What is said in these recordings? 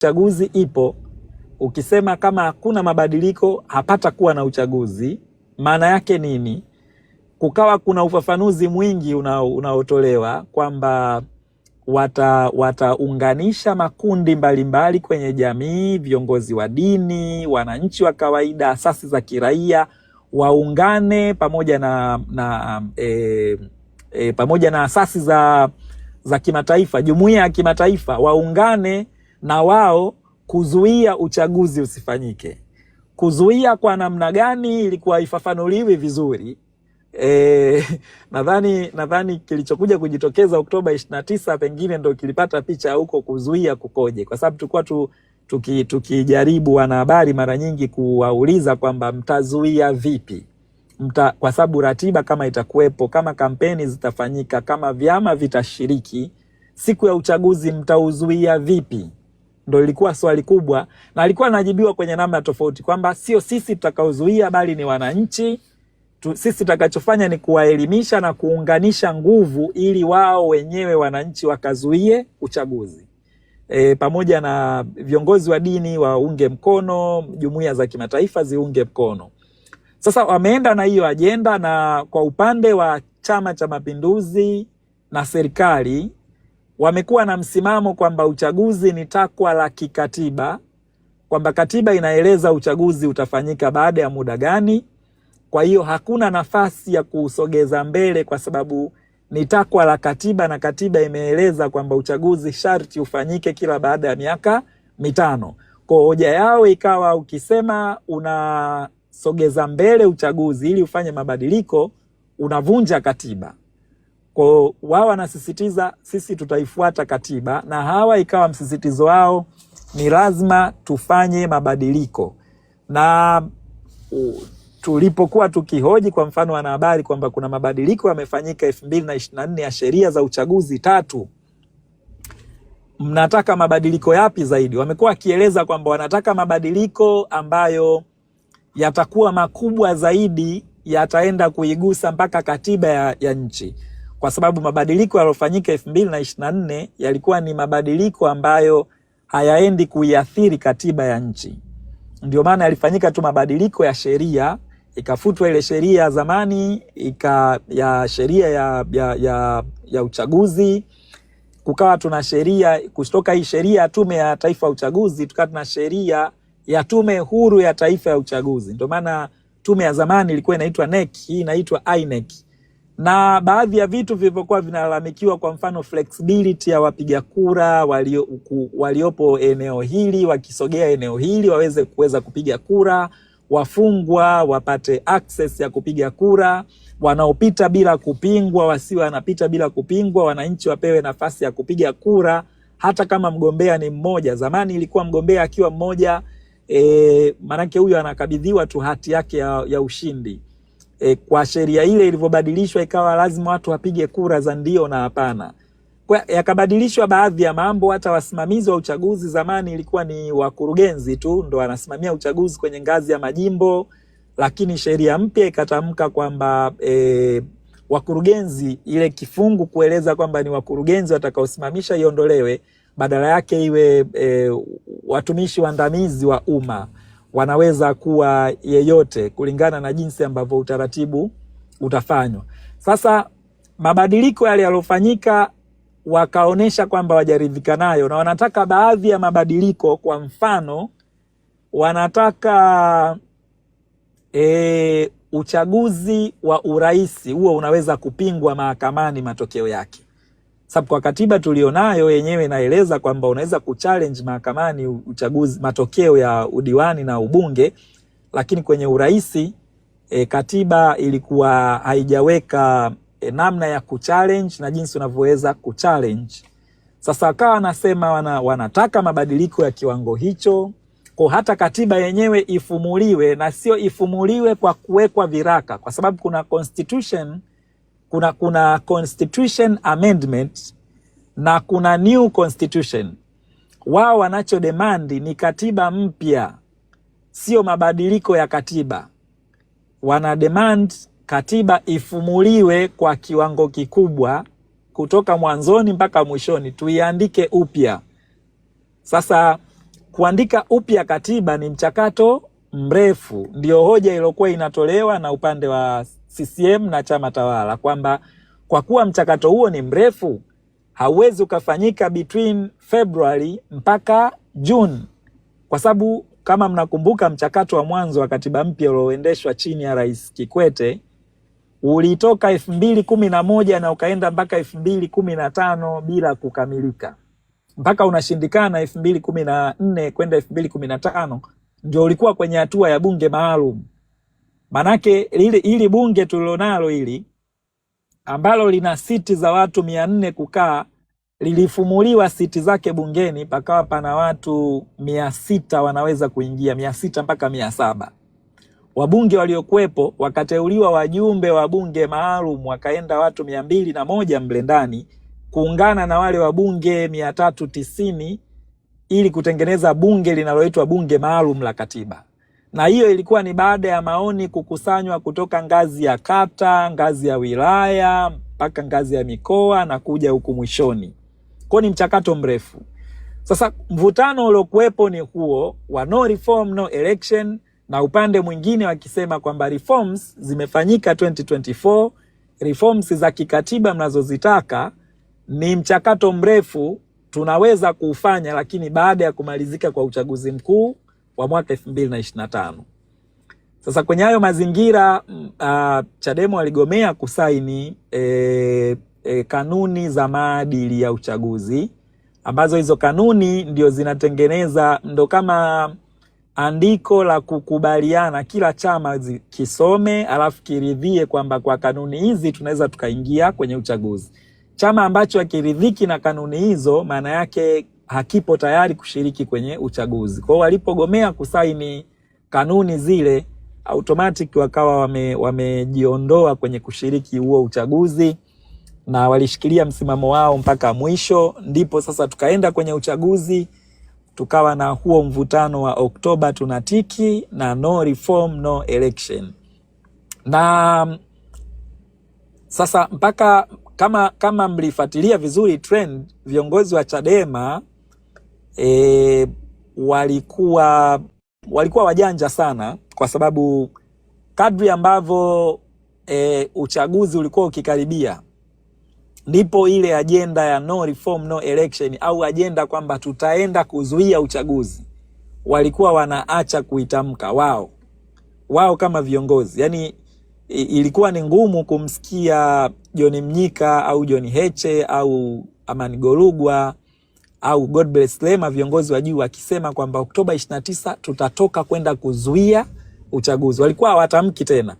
uchaguzi ipo. Ukisema kama hakuna mabadiliko hapata kuwa na uchaguzi, maana yake nini? Kukawa kuna ufafanuzi mwingi unaotolewa una kwamba wataunganisha makundi mbalimbali mbali kwenye jamii, viongozi wa dini, wananchi wa kawaida, asasi za kiraia waungane pamoja na, na e, e, pamoja na asasi za, za kimataifa, jumuiya ya kimataifa waungane na wao kuzuia uchaguzi usifanyike. Kuzuia kwa namna gani ilikuwa ifafanuliwi vizuri. E, nadhani nadhani kilichokuja kujitokeza Oktoba 29 pengine ndo kilipata picha huko kuzuia kukoje, kwa sababu tulikuwa tu tukijaribu wanahabari mara nyingi kuwauliza kwamba mtazuia vipi mta, kwa sababu ratiba kama itakuwepo, kama kampeni zitafanyika, kama vyama vitashiriki siku ya uchaguzi, mtauzuia vipi? ndo ilikuwa swali kubwa, na alikuwa anajibiwa kwenye namna tofauti, kwamba sio sisi tutakaozuia, bali ni wananchi tu. Sisi tutakachofanya ni kuwaelimisha na kuunganisha nguvu, ili wao wenyewe wananchi wakazuie uchaguzi. E, pamoja na viongozi wa dini waunge mkono, jumuiya za kimataifa ziunge mkono. Sasa wameenda na hiyo ajenda, na kwa upande wa Chama cha Mapinduzi na serikali wamekuwa na msimamo kwamba uchaguzi ni takwa la kikatiba, kwamba katiba inaeleza uchaguzi utafanyika baada ya muda gani. Kwa hiyo hakuna nafasi ya kusogeza mbele, kwa sababu ni takwa la katiba, na katiba imeeleza kwamba uchaguzi sharti ufanyike kila baada ya miaka mitano. Kwa hoja yao ikawa, ukisema unasogeza mbele uchaguzi ili ufanye mabadiliko, unavunja katiba. Kwa wao wanasisitiza sisi tutaifuata katiba, na hawa ikawa msisitizo wao ni lazima tufanye mabadiliko. Na uh, tulipokuwa tukihoji kwa mfano wanahabari kwamba kuna mabadiliko yamefanyika elfu mbili na na nne ya sheria za uchaguzi tatu, mnataka mabadiliko yapi zaidi? Wamekuwa wakieleza kwamba wanataka mabadiliko ambayo yatakuwa makubwa zaidi, yataenda kuigusa mpaka katiba ya, ya nchi kwa sababu mabadiliko yaliyofanyika elfu mbili na ishirini na nne yalikuwa ni mabadiliko ambayo hayaendi kuiathiri katiba ya nchi. Ndio maana yalifanyika tu mabadiliko ya sheria, ikafutwa ile sheria ya zamani ika, ya sheria ya, ya, ya, ya uchaguzi kukawa tuna sheria kutoka hii sheria ya Tume ya Taifa ya Uchaguzi tukawa tuna sheria ya Tume Huru ya Taifa ya Uchaguzi. Ndio maana tume ya zamani ilikuwa inaitwa NEC, hii inaitwa INEC na baadhi ya vitu vilivyokuwa vinalalamikiwa, kwa mfano flexibility ya wapiga kura walio, waliopo eneo hili wakisogea eneo hili waweze kuweza kupiga kura, wafungwa wapate access ya kupiga kura, wanaopita bila kupingwa wasiwe wanapita bila kupingwa, wananchi wapewe nafasi ya kupiga kura hata kama mgombea ni mmoja. Zamani ilikuwa mgombea akiwa mmoja e, maanake huyo anakabidhiwa tu hati yake ya, ya ushindi e, kwa sheria ile ilivyobadilishwa ikawa lazima watu wapige kura za ndio na hapana, yakabadilishwa baadhi ya mambo. Hata wasimamizi wa uchaguzi zamani ilikuwa ni wakurugenzi tu ndo wanasimamia uchaguzi kwenye ngazi ya majimbo, lakini sheria mpya ikatamka kwamba e, wakurugenzi, ile kifungu kueleza kwamba ni wakurugenzi watakaosimamisha iondolewe, badala yake iwe e, watumishi waandamizi wa umma wanaweza kuwa yeyote kulingana na jinsi ambavyo utaratibu utafanywa. Sasa mabadiliko yale yaliyofanyika wakaonyesha kwamba wajaridhika nayo na wanataka baadhi ya mabadiliko. Kwa mfano, wanataka e, uchaguzi wa urais huo unaweza kupingwa mahakamani matokeo yake sababu kwa katiba tulionayo yenyewe inaeleza kwamba unaweza kuchallenge mahakamani uchaguzi matokeo ya udiwani na ubunge, lakini kwenye uraisi e, katiba ilikuwa haijaweka e, namna ya kuchallenge na jinsi unavyoweza kuchallenge. Sasa wakawa wanasema wana, wanataka mabadiliko ya kiwango hicho kwa hata katiba yenyewe ifumuliwe na sio ifumuliwe kwa kuwekwa viraka, kwa sababu kuna constitution kuna, kuna constitution amendment na kuna new constitution. Wao wanacho demandi ni katiba mpya, sio mabadiliko ya katiba. Wana demand katiba ifumuliwe kwa kiwango kikubwa kutoka mwanzoni mpaka mwishoni, tuiandike upya. Sasa kuandika upya katiba ni mchakato mrefu, ndio hoja iliyokuwa inatolewa na upande wa CCM na chama tawala kwamba kwa kuwa mchakato huo ni mrefu, hauwezi ukafanyika between February mpaka June, kwa sababu kama mnakumbuka mchakato wa mwanzo wa katiba mpya ulioendeshwa chini ya Rais Kikwete ulitoka elfu mbili kumi na moja na ukaenda mpaka elfu mbili kumi na tano bila kukamilika mpaka unashindikana elfu mbili kumi na nne kwenda elfu mbili kumi na tano ndio ulikuwa kwenye hatua ya bunge maalum. Manake hili, hili bunge tulilonalo hili ambalo lina siti za watu mia nne kukaa lilifumuliwa siti zake bungeni, pakawa pana watu mia sita wanaweza kuingia, mia sita mpaka mia saba Wabunge waliokuwepo wakateuliwa wajumbe wa bunge maalum, wakaenda watu mia mbili na moja mle ndani kuungana na wale wabunge mia tatu tisini ili kutengeneza bunge linaloitwa bunge maalum la katiba, na hiyo ilikuwa ni baada ya maoni kukusanywa kutoka ngazi ya kata, ngazi ya wilaya mpaka ngazi ya mikoa na kuja huku mwishoni. Kwa ni mchakato mrefu. Sasa mvutano uliokuwepo ni huo wa no reform no election, na upande mwingine wakisema kwamba reforms zimefanyika 2024 reforms za kikatiba mnazozitaka ni mchakato mrefu tunaweza kuufanya, lakini baada ya kumalizika kwa uchaguzi mkuu wa mwaka 2025. Sasa kwenye hayo mazingira uh, Chadema waligomea kusaini e, e, kanuni za maadili ya uchaguzi ambazo hizo kanuni ndio zinatengeneza ndo kama andiko la kukubaliana, kila chama kisome alafu kiridhie kwamba kwa kanuni hizi tunaweza tukaingia kwenye uchaguzi. Chama ambacho hakiridhiki na kanuni hizo, maana yake hakipo tayari kushiriki kwenye uchaguzi. Kwa walipogomea kusaini kanuni zile, automatic wakawa wame, wamejiondoa kwenye kushiriki huo uchaguzi na walishikilia msimamo wao mpaka mwisho. Ndipo sasa tukaenda kwenye uchaguzi tukawa na huo mvutano wa Oktoba tunatiki na no reform no election. Na sasa mpaka kama, kama mlifuatilia vizuri trend, viongozi wa Chadema e, walikuwa walikuwa wajanja sana, kwa sababu kadri ambavyo e, uchaguzi ulikuwa ukikaribia ndipo ile ajenda ya no reform no election au ajenda kwamba tutaenda kuzuia uchaguzi walikuwa wanaacha kuitamka wao wao kama viongozi. Yani ilikuwa ni ngumu kumsikia John Mnyika au John Heche au Amani Golugwa au bless Lema, viongozi wa juu wakisema kwamba Oktoba 29 tutatoka kwenda kuzuia uchaguzi. Walikuwa hawatamki tena,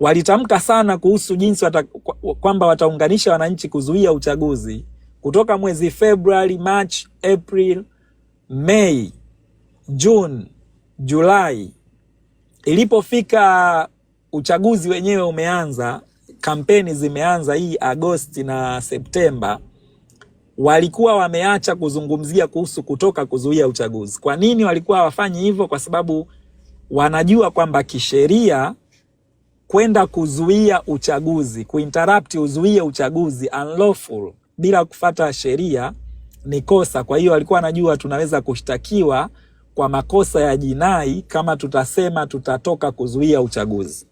walitamka sana kuhusu jinsi wata, kwamba wataunganisha wananchi kuzuia uchaguzi kutoka mwezi Februari, March, April, Mei, Juni, Julai. Ilipofika uchaguzi wenyewe umeanza, kampeni zimeanza hii Agosti na Septemba, walikuwa wameacha kuzungumzia kuhusu kutoka kuzuia uchaguzi. Kwa nini walikuwa hawafanyi hivyo? Kwa sababu wanajua kwamba kisheria kwenda kuzuia uchaguzi, kuinterrupt uzuie uchaguzi unlawful, bila kufata sheria ni kosa. Kwa hiyo walikuwa wanajua tunaweza kushtakiwa kwa makosa ya jinai kama tutasema tutatoka kuzuia uchaguzi.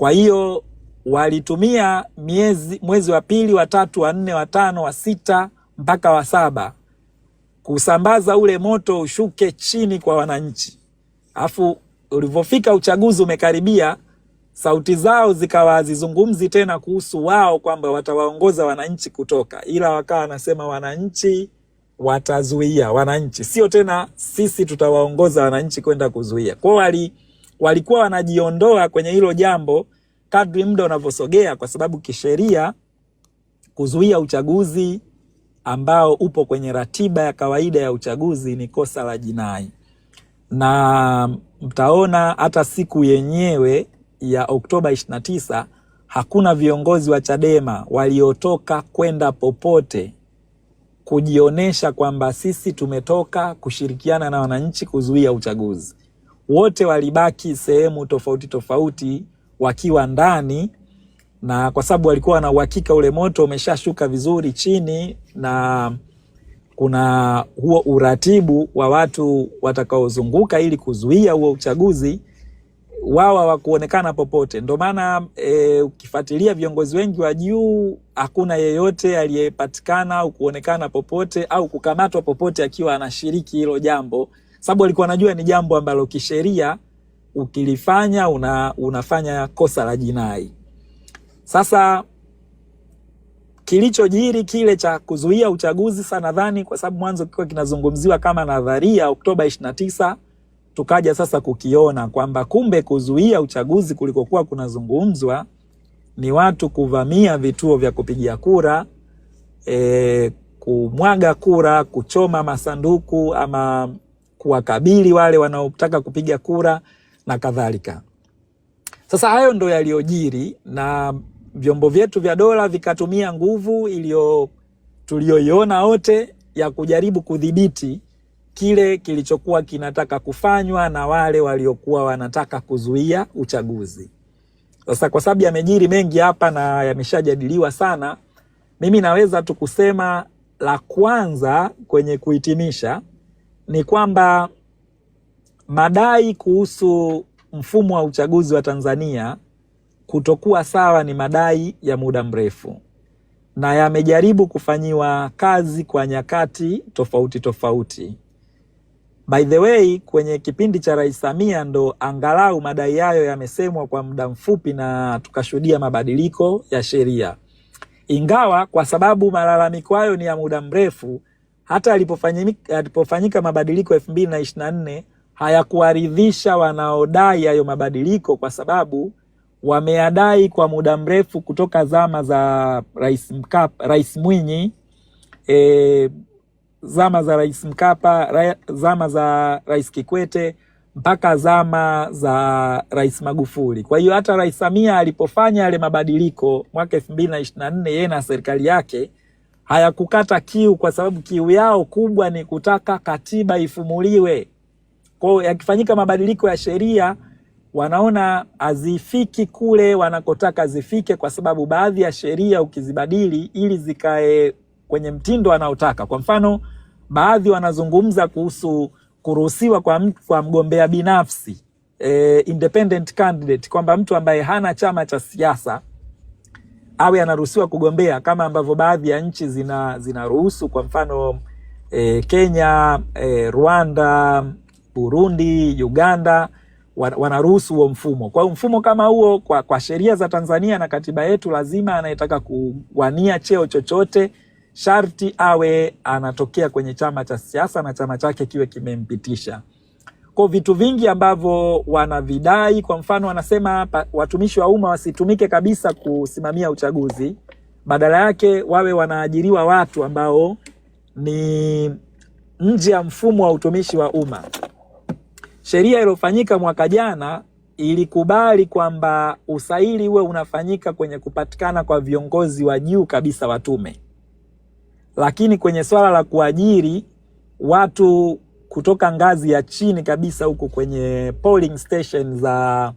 Kwa hiyo walitumia miezi, mwezi wa pili, wa tatu, wa nne, wa tano, wa sita mpaka wa saba kusambaza ule moto ushuke chini kwa wananchi. Alafu ulivyofika uchaguzi umekaribia, sauti zao zikawa hazizungumzi tena kuhusu wao kwamba watawaongoza wananchi kutoka, ila wakawa wanasema wananchi watazuia, wananchi sio tena sisi tutawaongoza wananchi kwenda kuzuia kwao wali walikuwa wanajiondoa kwenye hilo jambo kadri muda unavyosogea, kwa sababu kisheria kuzuia uchaguzi ambao upo kwenye ratiba ya kawaida ya uchaguzi ni kosa la jinai, na mtaona hata siku yenyewe ya Oktoba 29 hakuna viongozi wa Chadema waliotoka kwenda popote kujionyesha kwamba sisi tumetoka kushirikiana na wananchi kuzuia uchaguzi wote walibaki sehemu tofauti tofauti wakiwa ndani, na kwa sababu walikuwa na uhakika ule moto umeshashuka vizuri chini na kuna huo uratibu wa watu watakaozunguka ili kuzuia huo uchaguzi, wao hawakuonekana popote. Ndio maana e, ukifuatilia viongozi wengi wa juu hakuna yeyote aliyepatikana au kuonekana popote au kukamatwa popote akiwa anashiriki hilo jambo sababu alikuwa anajua ni jambo ambalo kisheria ukilifanya una, unafanya kosa la jinai. Sasa kilichojiri kile cha kuzuia uchaguzi, sa nadhani kwa sababu mwanzo kilikuwa kinazungumziwa kama nadharia Oktoba 29 tukaja sasa kukiona kwamba kumbe kuzuia uchaguzi kulikokuwa kunazungumzwa ni watu kuvamia vituo vya kupigia kura e, kumwaga kura, kuchoma masanduku ama kuwakabili wale wanaotaka kupiga kura na kadhalika. Sasa hayo ndo yaliyojiri na vyombo vyetu vya dola vikatumia nguvu iliyo tuliyoiona wote ya kujaribu kudhibiti kile kilichokuwa kinataka kufanywa na wale waliokuwa wanataka kuzuia uchaguzi. Sasa kwa sababu yamejiri mengi hapa na yameshajadiliwa sana, mimi naweza tu kusema la kwanza kwenye kuhitimisha ni kwamba madai kuhusu mfumo wa uchaguzi wa Tanzania kutokuwa sawa ni madai ya muda mrefu na yamejaribu kufanyiwa kazi kwa nyakati tofauti tofauti. By the way, kwenye kipindi cha Rais Samia ndo angalau madai hayo yamesemwa kwa muda mfupi na tukashuhudia mabadiliko ya sheria, ingawa kwa sababu malalamiko hayo ni ya muda mrefu, hata alipofanyika, alipofanyika mabadiliko elfu mbili na ishirini na nne hayakuwaridhisha wanaodai hayo mabadiliko kwa sababu wameyadai kwa muda mrefu kutoka zama za Rais Mkapa, Rais Mwinyi e, zama za Rais Mkapa ra, zama za Rais Kikwete mpaka zama za Rais Magufuli. Kwa hiyo hata Rais Samia alipofanya yale mabadiliko mwaka elfu mbili na ishirini na nne yeye na serikali yake hayakukata kiu, kwa sababu kiu yao kubwa ni kutaka katiba ifumuliwe. Kwa hiyo yakifanyika mabadiliko ya sheria wanaona hazifiki kule wanakotaka zifike, kwa sababu baadhi ya sheria ukizibadili ili zikae kwenye mtindo wanaotaka, kwa mfano, baadhi wanazungumza kuhusu kuruhusiwa kwa, kwa mgombea binafsi e, independent candidate, kwamba mtu ambaye hana chama cha siasa awe anaruhusiwa kugombea kama ambavyo baadhi ya nchi zina zinaruhusu kwa mfano e, Kenya e, Rwanda, Burundi, Uganda wanaruhusu huo mfumo. Kwa hiyo mfumo kama huo kwa, kwa sheria za Tanzania na katiba yetu, lazima anayetaka kuwania cheo chochote sharti awe anatokea kwenye chama cha siasa na chama chake kiwe kimempitisha kwa vitu vingi ambavyo wanavidai. Kwa mfano, wanasema watumishi wa umma wasitumike kabisa kusimamia uchaguzi, badala yake wawe wanaajiriwa watu ambao ni nje ya mfumo wa utumishi wa umma. Sheria iliyofanyika mwaka jana ilikubali kwamba usaili uwe unafanyika kwenye kupatikana kwa viongozi wa juu kabisa wa tume, lakini kwenye swala la kuajiri watu kutoka ngazi ya chini kabisa huko kwenye polling station za,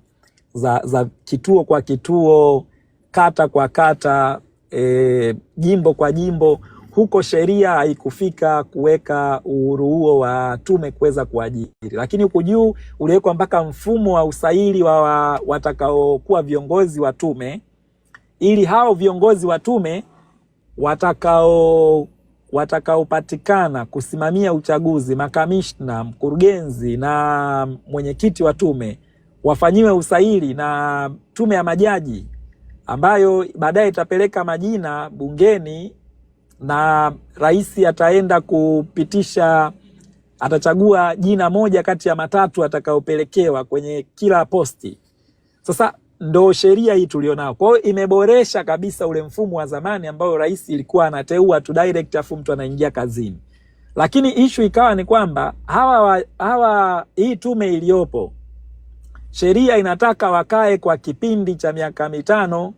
za, za kituo kwa kituo, kata kwa kata, e, jimbo kwa jimbo, huko sheria haikufika kuweka uhuru huo wa tume kuweza kuajiri, lakini huku juu uliwekwa mpaka mfumo wa usaili wa watakaokuwa viongozi wa tume, ili hao viongozi wa tume watakao watakaopatikana kusimamia uchaguzi, makamishna, mkurugenzi na mwenyekiti wa tume wafanyiwe usaili na tume ya majaji ambayo baadaye itapeleka majina bungeni na rais ataenda kupitisha, atachagua jina moja kati ya matatu atakayopelekewa kwenye kila posti. Sasa ndo sheria hii tulionao Kwa hiyo imeboresha kabisa ule mfumo wa zamani ambao rais ilikuwa anateua tu direct, afu mtu anaingia kazini. Lakini ishu ikawa ni kwamba hawa, hawa hii tume iliyopo sheria inataka wakae kwa kipindi cha miaka mitano,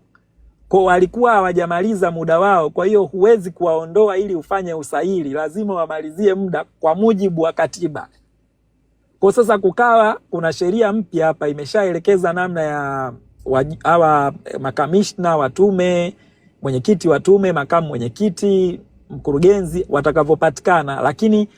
kwa walikuwa hawajamaliza muda wao. Kwa hiyo huwezi kuwaondoa ili ufanye usaili, lazima wamalizie muda kwa mujibu wa katiba. Kwa sasa kukawa kuna sheria mpya hapa imeshaelekeza namna ya hawa eh, makamishna wa tume, mwenyekiti wa tume, makamu mwenyekiti, mkurugenzi watakavyopatikana, lakini